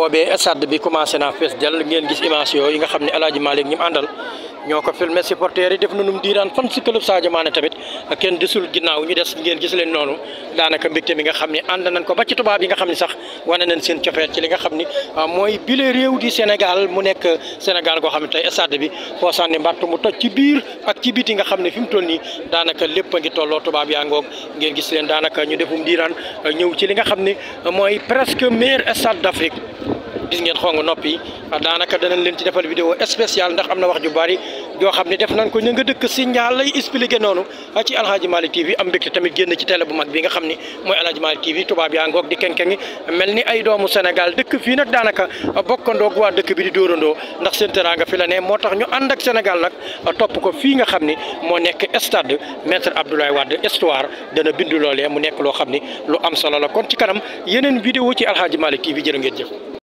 boobee stade bi commencé naa fees dell ngeen gis image yooyu nga xam ne El Hadj Malick ñi mu àndal ñoo ko filmé supporters yi def na nu mu fan si club Sadio Mané tamit kenn desul ginnaaw ñu des ngeen gis leen noonu daanaka mbégte mi nga xam ne ànd nañ ko ba ci tubaab yi nga xam ne sax wane nañ seen cofeet ci li nga xam ni ah, mooy bile réew di Sénégal mu nekk Sénégal goo xam ne tey stade bi foo sànni mbàtt mu toj ci biir ak ci biti nga xam ne fi mu toll nii daanaka lépp a ngi tolloo tubaab yaa ngoog ngeen gis leen daanaka ñu defum diiraan ñëw ci li nga xam ni mooy presque maire stade d'Afrique gis ngeen xong nopp yi daanaka danañ leen ci defal vidéo spéciale ndax am na wax ju bari yoo xam ne def nañ ko ñu nga dëkk si ñaar lay expliqué noonu ci Aladji Malick TV am mbégte tamit génn ci télé bu mag bi nga xam ne mooy Aladji Malick TV tubaab yaa ngoog di kenkengi mel ni ay doomu Sénégal dëkk fii nag daanaka bokkandoog waa dëkk bi di dóorandoo ndax seen teranga fi la ne moo tax ñu ànd ak Sénégal nag topp ko fii nga xam ni moo nekk stade maître Abdoulaye Wade histoire dana bindu loolee mu nekk loo xam ne lu am solo la kon ci kanam yeneen vidéo ci Aladji Malick TV jërë ngeen jëf